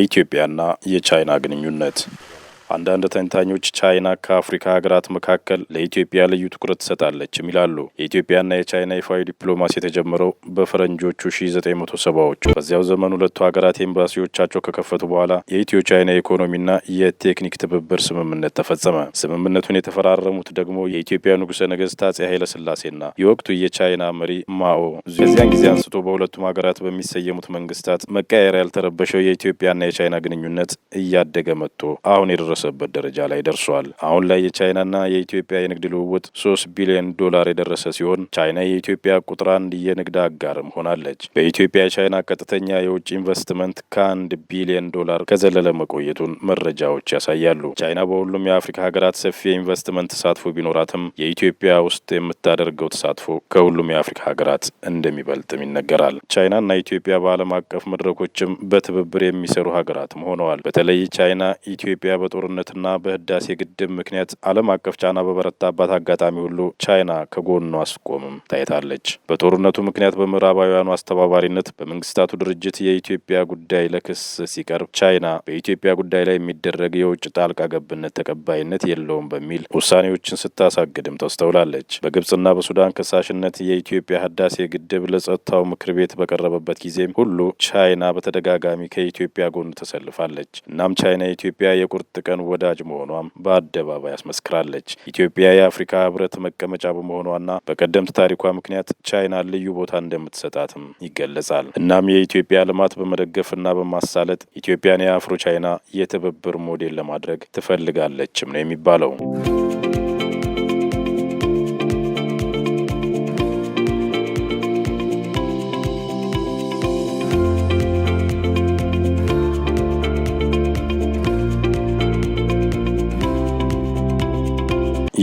የኢትዮጵያና የቻይና ግንኙነት አንዳንድ ተንታኞች ቻይና ከአፍሪካ ሀገራት መካከል ለኢትዮጵያ ልዩ ትኩረት ትሰጣለችም ይላሉ። የኢትዮጵያና የቻይና ይፋዊ ዲፕሎማሲ የተጀመረው በፈረንጆቹ ሺ ዘጠኝ መቶ ሰባዎቹ በዚያው ዘመን ሁለቱ ሀገራት ኤምባሲዎቻቸው ከከፈቱ በኋላ የኢትዮ ቻይና የኢኮኖሚና የቴክኒክ ትብብር ስምምነት ተፈጸመ። ስምምነቱን የተፈራረሙት ደግሞ የኢትዮጵያ ንጉሠ ነገሥት አጼ ኃይለ ስላሴና የወቅቱ የቻይና መሪ ማኦ ከዚያን ጊዜ አንስቶ በሁለቱም ሀገራት በሚሰየሙት መንግስታት መቀያየር ያልተረበሸው የኢትዮጵያና የቻይና ግንኙነት እያደገ መጥቶ አሁን የደረሰ የደረሰበት ደረጃ ላይ ደርሷል። አሁን ላይ የቻይናና የኢትዮጵያ የንግድ ልውውጥ ሶስት ቢሊዮን ዶላር የደረሰ ሲሆን ቻይና የኢትዮጵያ ቁጥር አንድ የንግድ አጋርም ሆናለች። በኢትዮጵያ የቻይና ቀጥተኛ የውጭ ኢንቨስትመንት ከአንድ ቢሊዮን ዶላር ከዘለለ መቆየቱን መረጃዎች ያሳያሉ። ቻይና በሁሉም የአፍሪካ ሀገራት ሰፊ የኢንቨስትመንት ተሳትፎ ቢኖራትም የኢትዮጵያ ውስጥ የምታደርገው ተሳትፎ ከሁሉም የአፍሪካ ሀገራት እንደሚበልጥም ይነገራል። ቻይናና ኢትዮጵያ በዓለም አቀፍ መድረኮችም በትብብር የሚሰሩ ሀገራትም ሆነዋል። በተለይ ቻይና ኢትዮጵያ በጦር ጦርነትና በህዳሴ ግድብ ምክንያት ዓለም አቀፍ ጫና በበረታባት አጋጣሚ ሁሉ ቻይና ከጎኑ አስቆምም ታይታለች። በጦርነቱ ምክንያት በምዕራባውያኑ አስተባባሪነት በመንግስታቱ ድርጅት የኢትዮጵያ ጉዳይ ለክስ ሲቀርብ ቻይና በኢትዮጵያ ጉዳይ ላይ የሚደረግ የውጭ ጣልቃ ገብነት ተቀባይነት የለውም በሚል ውሳኔዎችን ስታሳግድም ተስተውላለች። በግብጽና በሱዳን ከሳሽነት የኢትዮጵያ ህዳሴ ግድብ ለጸጥታው ምክር ቤት በቀረበበት ጊዜም ሁሉ ቻይና በተደጋጋሚ ከኢትዮጵያ ጎን ተሰልፋለች። እናም ቻይና የኢትዮጵያ የቁርጥ ቀን የአፍሪካውያን ወዳጅ መሆኗም በአደባባይ አስመስክራለች። ኢትዮጵያ የአፍሪካ ህብረት መቀመጫ በመሆኗና በቀደምት ታሪኳ ምክንያት ቻይና ልዩ ቦታ እንደምትሰጣትም ይገለጻል። እናም የኢትዮጵያ ልማት በመደገፍና በማሳለጥ ኢትዮጵያን የአፍሮ ቻይና የትብብር ሞዴል ለማድረግ ትፈልጋለችም ነው የሚባለው።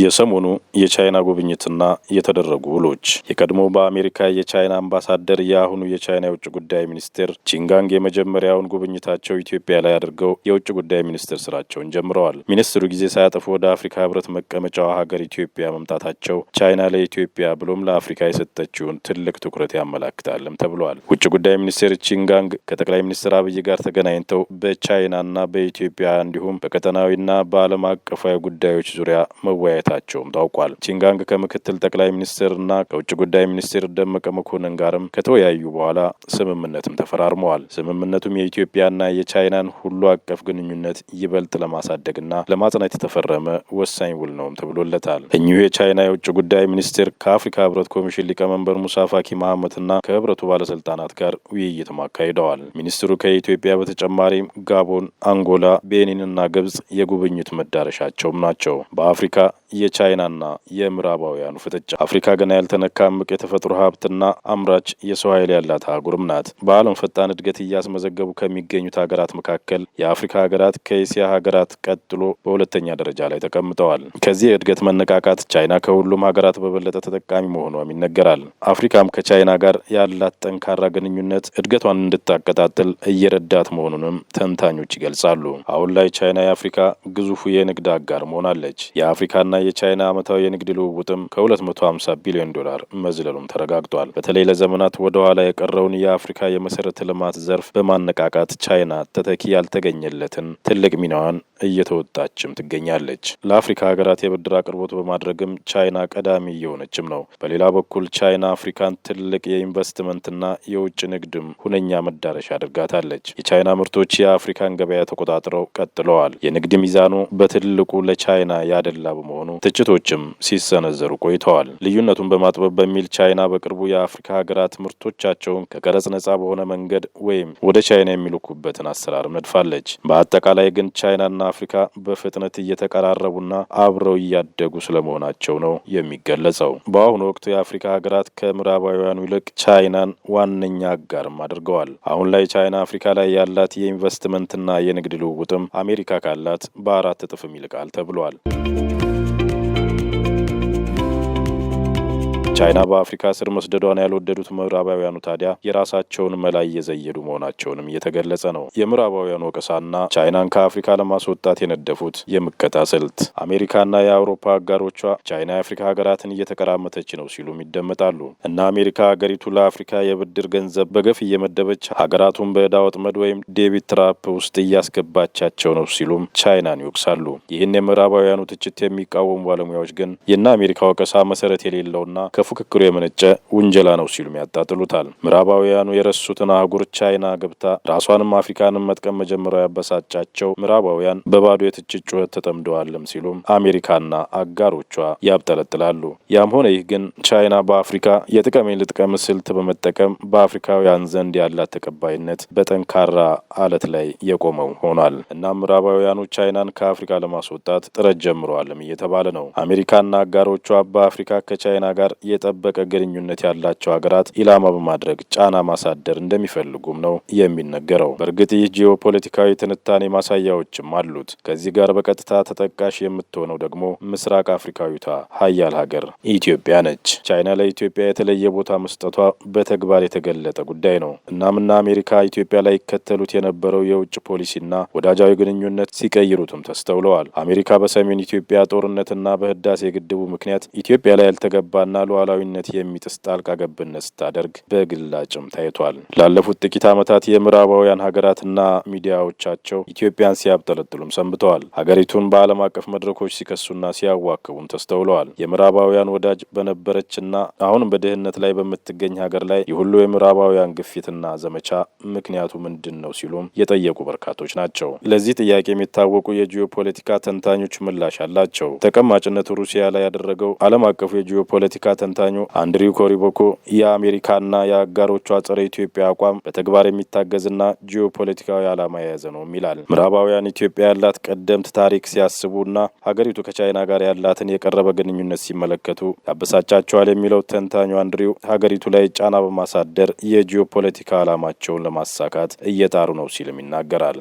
የሰሞኑ የቻይና ጉብኝትና የተደረጉ ውሎች። የቀድሞ በአሜሪካ የቻይና አምባሳደር የአሁኑ የቻይና የውጭ ጉዳይ ሚኒስትር ቺንጋንግ የመጀመሪያውን ጉብኝታቸው ኢትዮጵያ ላይ አድርገው የውጭ ጉዳይ ሚኒስትር ስራቸውን ጀምረዋል። ሚኒስትሩ ጊዜ ሳያጠፉ ወደ አፍሪካ ህብረት መቀመጫዋ ሀገር ኢትዮጵያ መምጣታቸው ቻይና ለኢትዮጵያ ብሎም ለአፍሪካ የሰጠችውን ትልቅ ትኩረት ያመላክታልም ተብሏል። ውጭ ጉዳይ ሚኒስትር ቺንጋንግ ከጠቅላይ ሚኒስትር አብይ ጋር ተገናኝተው በቻይናና በኢትዮጵያ እንዲሁም በቀጠናዊና በዓለም አቀፋዊ ጉዳዮች ዙሪያ መወያየት መወያየታቸውም ታውቋል። ቺንጋንግ ከምክትል ጠቅላይ ሚኒስትርና ከውጭ ጉዳይ ሚኒስትር ደመቀ መኮንን ጋርም ከተወያዩ በኋላ ስምምነትም ተፈራርመዋል። ስምምነቱም የኢትዮጵያና የቻይናን ሁሉ አቀፍ ግንኙነት ይበልጥ ለማሳደግና ለማጽናት የተፈረመ ወሳኝ ውል ነውም ተብሎለታል። እኚሁ የቻይና የውጭ ጉዳይ ሚኒስትር ከአፍሪካ ህብረት ኮሚሽን ሊቀመንበር ሙሳ ፋኪ መሐመትና ከህብረቱ ባለስልጣናት ጋር ውይይትም አካሂደዋል። ሚኒስትሩ ከኢትዮጵያ በተጨማሪም ጋቦን፣ አንጎላ፣ ቤኒንና ግብጽ የጉብኝት መዳረሻቸውም ናቸው። በአፍሪካ የቻይናና የምዕራባውያኑ ፍጥጫ። አፍሪካ ገና ያልተነካ እምቅ የተፈጥሮ ሀብትና አምራች የሰው ኃይል ያላት አህጉርም ናት። በዓለም ፈጣን እድገት እያስመዘገቡ ከሚገኙት ሀገራት መካከል የአፍሪካ ሀገራት ከእስያ ሀገራት ቀጥሎ በሁለተኛ ደረጃ ላይ ተቀምጠዋል። ከዚህ የእድገት መነቃቃት ቻይና ከሁሉም ሀገራት በበለጠ ተጠቃሚ መሆኗም ይነገራል። አፍሪካም ከቻይና ጋር ያላት ጠንካራ ግንኙነት እድገቷን እንድታቀጣጥል እየረዳት መሆኑንም ተንታኞች ይገልጻሉ። አሁን ላይ ቻይና የአፍሪካ ግዙፉ የንግድ አጋር መሆናለች። የአፍሪካና የቻይና ዓመታዊ የንግድ ልውውጥም ከ250 ቢሊዮን ዶላር መዝለሉም ተረጋግጧል። በተለይ ለዘመናት ወደ ኋላ የቀረውን የአፍሪካ የመሰረተ ልማት ዘርፍ በማነቃቃት ቻይና ተተኪ ያልተገኘለትን ትልቅ ሚናዋን እየተወጣችም ትገኛለች። ለአፍሪካ ሀገራት የብድር አቅርቦት በማድረግም ቻይና ቀዳሚ እየሆነችም ነው። በሌላ በኩል ቻይና አፍሪካን ትልቅ የኢንቨስትመንትና የውጭ ንግድም ሁነኛ መዳረሻ አድርጋታለች። የቻይና ምርቶች የአፍሪካን ገበያ ተቆጣጥረው ቀጥለዋል። የንግድ ሚዛኑ በትልቁ ለቻይና ያደላ በመሆኑ ስለመሆኑ ትችቶችም ሲሰነዘሩ ቆይተዋል። ልዩነቱን በማጥበብ በሚል ቻይና በቅርቡ የአፍሪካ ሀገራት ምርቶቻቸውን ከቀረጽ ነጻ በሆነ መንገድ ወይም ወደ ቻይና የሚልኩበትን አሰራርም ነድፋለች። በአጠቃላይ ግን ቻይናና አፍሪካ በፍጥነት እየተቀራረቡና አብረው እያደጉ ስለመሆናቸው ነው የሚገለጸው። በአሁኑ ወቅት የአፍሪካ ሀገራት ከምዕራባውያኑ ይልቅ ቻይናን ዋነኛ አጋርም አድርገዋል። አሁን ላይ ቻይና አፍሪካ ላይ ያላት የኢንቨስትመንትና የንግድ ልውውጥም አሜሪካ ካላት በአራት እጥፍም ይልቃል ተብሏል። ቻይና በአፍሪካ ስር መስደዷን ያልወደዱት ምዕራባውያኑ ታዲያ የራሳቸውን መላ እየዘየዱ መሆናቸውንም እየተገለጸ ነው። የምዕራባውያኑ ወቀሳና ቻይናን ከአፍሪካ ለማስወጣት የነደፉት የምከታ ስልት አሜሪካና የአውሮፓ አጋሮቿ ቻይና የአፍሪካ ሀገራትን እየተቀራመተች ነው ሲሉም ይደመጣሉ። እና አሜሪካ ሀገሪቱ ለአፍሪካ የብድር ገንዘብ በገፍ እየመደበች ሀገራቱን በዕዳ ወጥመድ ወይም ዴቢት ትራፕ ውስጥ እያስገባቻቸው ነው ሲሉም ቻይናን ይወቅሳሉ። ይህን የምዕራባውያኑ ትችት የሚቃወሙ ባለሙያዎች ግን የእነ አሜሪካ ወቀሳ መሰረት የሌለውና ፉክክሩ የመነጨ ውንጀላ ነው ሲሉም ያጣጥሉታል። ምዕራባውያኑ የረሱትን አህጉር ቻይና ገብታ ራሷንም አፍሪካንም መጥቀም መጀመሪያው ያበሳጫቸው ምዕራባውያን በባዶ የትችት ጩኸት ተጠምደዋልም ሲሉም አሜሪካና አጋሮቿ ያብጠለጥላሉ። ያም ሆነ ይህ ግን ቻይና በአፍሪካ የጥቀሜን ልጥቀም ስልት በመጠቀም በአፍሪካውያን ዘንድ ያላት ተቀባይነት በጠንካራ አለት ላይ የቆመው ሆኗል። እናም ምዕራባውያኑ ቻይናን ከአፍሪካ ለማስወጣት ጥረት ጀምረዋልም እየተባለ ነው። አሜሪካና አጋሮቿ በአፍሪካ ከቻይና ጋር የ የጠበቀ ግንኙነት ያላቸው ሀገራት ኢላማ በማድረግ ጫና ማሳደር እንደሚፈልጉም ነው የሚነገረው። በእርግጥ ይህ ጂኦፖለቲካዊ ትንታኔ ማሳያዎችም አሉት። ከዚህ ጋር በቀጥታ ተጠቃሽ የምትሆነው ደግሞ ምስራቅ አፍሪካዊቷ ሀያል ሀገር ኢትዮጵያ ነች። ቻይና ለኢትዮጵያ የተለየ ቦታ መስጠቷ በተግባር የተገለጠ ጉዳይ ነው። እናምና አሜሪካ ኢትዮጵያ ላይ ይከተሉት የነበረው የውጭ ፖሊሲና ወዳጃዊ ግንኙነት ሲቀይሩትም ተስተውለዋል። አሜሪካ በሰሜን ኢትዮጵያ ጦርነትና በህዳሴ ግድቡ ምክንያት ኢትዮጵያ ላይ ያልተገባና ሉዓላ ሉዓላዊነት የሚጥስ ጣልቃ ገብነት ስታደርግ በግላጭም ታይቷል። ላለፉት ጥቂት ዓመታት የምዕራባውያን ሀገራትና ሚዲያዎቻቸው ኢትዮጵያን ሲያብጠለጥሉም ሰንብተዋል። ሀገሪቱን በዓለም አቀፍ መድረኮች ሲከሱና ሲያዋክቡም ተስተውለዋል። የምዕራባውያን ወዳጅ በነበረችና አሁንም በድህነት ላይ በምትገኝ ሀገር ላይ የሁሉ የምዕራባውያን ግፊትና ዘመቻ ምክንያቱ ምንድን ነው ሲሉም የጠየቁ በርካቶች ናቸው። ለዚህ ጥያቄ የሚታወቁ የጂኦፖለቲካ ተንታኞች ምላሽ አላቸው። ተቀማጭነት ሩሲያ ላይ ያደረገው ዓለም አቀፉ የጂኦፖለቲካ ተንታ ተንታኙ አንድሪው ኮሪቦኮ የአሜሪካና የአጋሮቿ ጸረ ኢትዮጵያ አቋም በተግባር የሚታገዝና ጂኦፖለቲካዊ ዓላማ የያዘ ነው ይላል። ምዕራባውያን ኢትዮጵያ ያላት ቀደምት ታሪክ ሲያስቡና ሀገሪቱ ከቻይና ጋር ያላትን የቀረበ ግንኙነት ሲመለከቱ ያበሳጫቸዋል የሚለው ተንታኙ አንድሪው ሀገሪቱ ላይ ጫና በማሳደር የጂኦፖለቲካ ዓላማቸውን ለማሳካት እየጣሩ ነው ሲልም ይናገራል።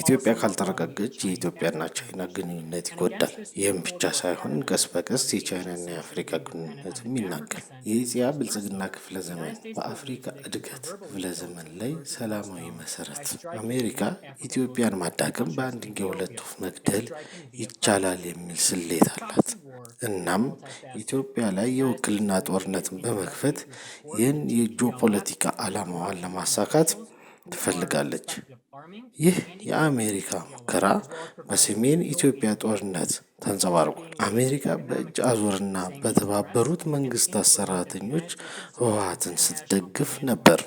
ኢትዮጵያ ካልተረጋገች የኢትዮጵያና ቻይና ግንኙነት ይጎዳል። ይህም ብቻ ሳይሆን ቀስ በቀስ የቻይናና የአፍሪካ ግንኙነትም ይናጋል። የእስያ ብልጽግና ክፍለ ዘመን በአፍሪካ እድገት ክፍለ ዘመን ላይ ሰላማዊ መሰረት አሜሪካ ኢትዮጵያን ማዳከም በአንድ ጊዜ ሁለት ወፍ መግደል ይቻላል የሚል ስሌት አላት። እናም ኢትዮጵያ ላይ የውክልና ጦርነትን በመክፈት ይህን የጂኦፖለቲ የፖለቲካ ዓላማዋን ለማሳካት ትፈልጋለች። ይህ የአሜሪካ ሙከራ በሰሜን ኢትዮጵያ ጦርነት ተንጸባርቋል። አሜሪካ በእጅ አዙርና በተባበሩት መንግስታት ሰራተኞች ህወሀትን ስትደግፍ ነበር።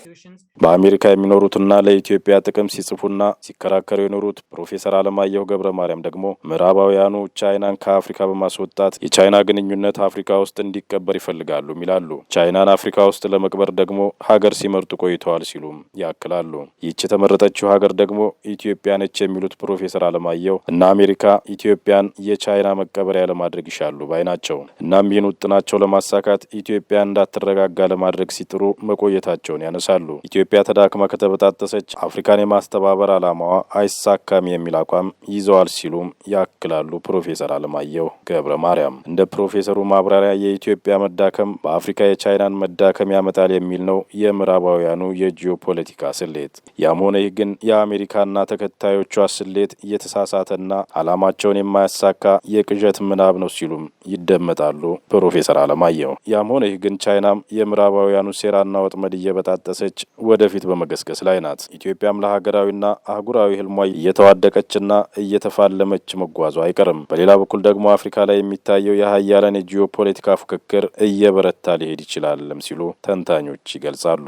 በአሜሪካ የሚኖሩትና ለኢትዮጵያ ጥቅም ሲጽፉና ሲከራከሩ የኖሩት ፕሮፌሰር አለማየሁ ገብረ ማርያም ደግሞ ምዕራባውያኑ ቻይናን ከአፍሪካ በማስወጣት የቻይና ግንኙነት አፍሪካ ውስጥ እንዲቀበር ይፈልጋሉ ይላሉ። ቻይናን አፍሪካ ውስጥ ለመቅበር ደግሞ ሀገር ሲመርጡ ቆይተዋል ሲሉም ያክላሉ። ይች የተመረጠችው ሀገር ደግሞ ኢትዮጵያ ነች የሚሉት ፕሮፌሰር አለማየሁ እና አሜሪካ ኢትዮጵያን የቻይ በአይና መቀበሪያ ለማድረግ ይሻሉ ባይ ናቸው። እናም ይህን ውጥናቸው ለማሳካት ኢትዮጵያ እንዳትረጋጋ ለማድረግ ሲጥሩ መቆየታቸውን ያነሳሉ። ኢትዮጵያ ተዳክማ ከተበጣጠሰች አፍሪካን የማስተባበር ዓላማዋ አይሳካም የሚል አቋም ይዘዋል ሲሉም ያክላሉ ፕሮፌሰር አለማየሁ ገብረ ማርያም። እንደ ፕሮፌሰሩ ማብራሪያ የኢትዮጵያ መዳከም በአፍሪካ የቻይናን መዳከም ያመጣል የሚል ነው የምዕራባውያኑ የጂኦፖለቲካ ስሌት። ያም ሆነ ይህ ግን የአሜሪካና ተከታዮቿ ስሌት የተሳሳተና ዓላማቸውን የማያሳካ የቅዠት ምናብ ነው ሲሉም ይደመጣሉ ፕሮፌሰር አለማየሁ። ያም ሆነ ይህ ግን ቻይናም የምዕራባውያኑ ሴራና ወጥመድ እየበጣጠሰች ወደፊት በመገስገስ ላይ ናት። ኢትዮጵያም ለሀገራዊና አህጉራዊ ህልሟ እየተዋደቀችና እየተፋለመች መጓዙ አይቀርም። በሌላ በኩል ደግሞ አፍሪካ ላይ የሚታየው የሀያላን የጂኦፖለቲካ ፉክክር እየበረታ ሊሄድ ይችላልም ሲሉ ተንታኞች ይገልጻሉ።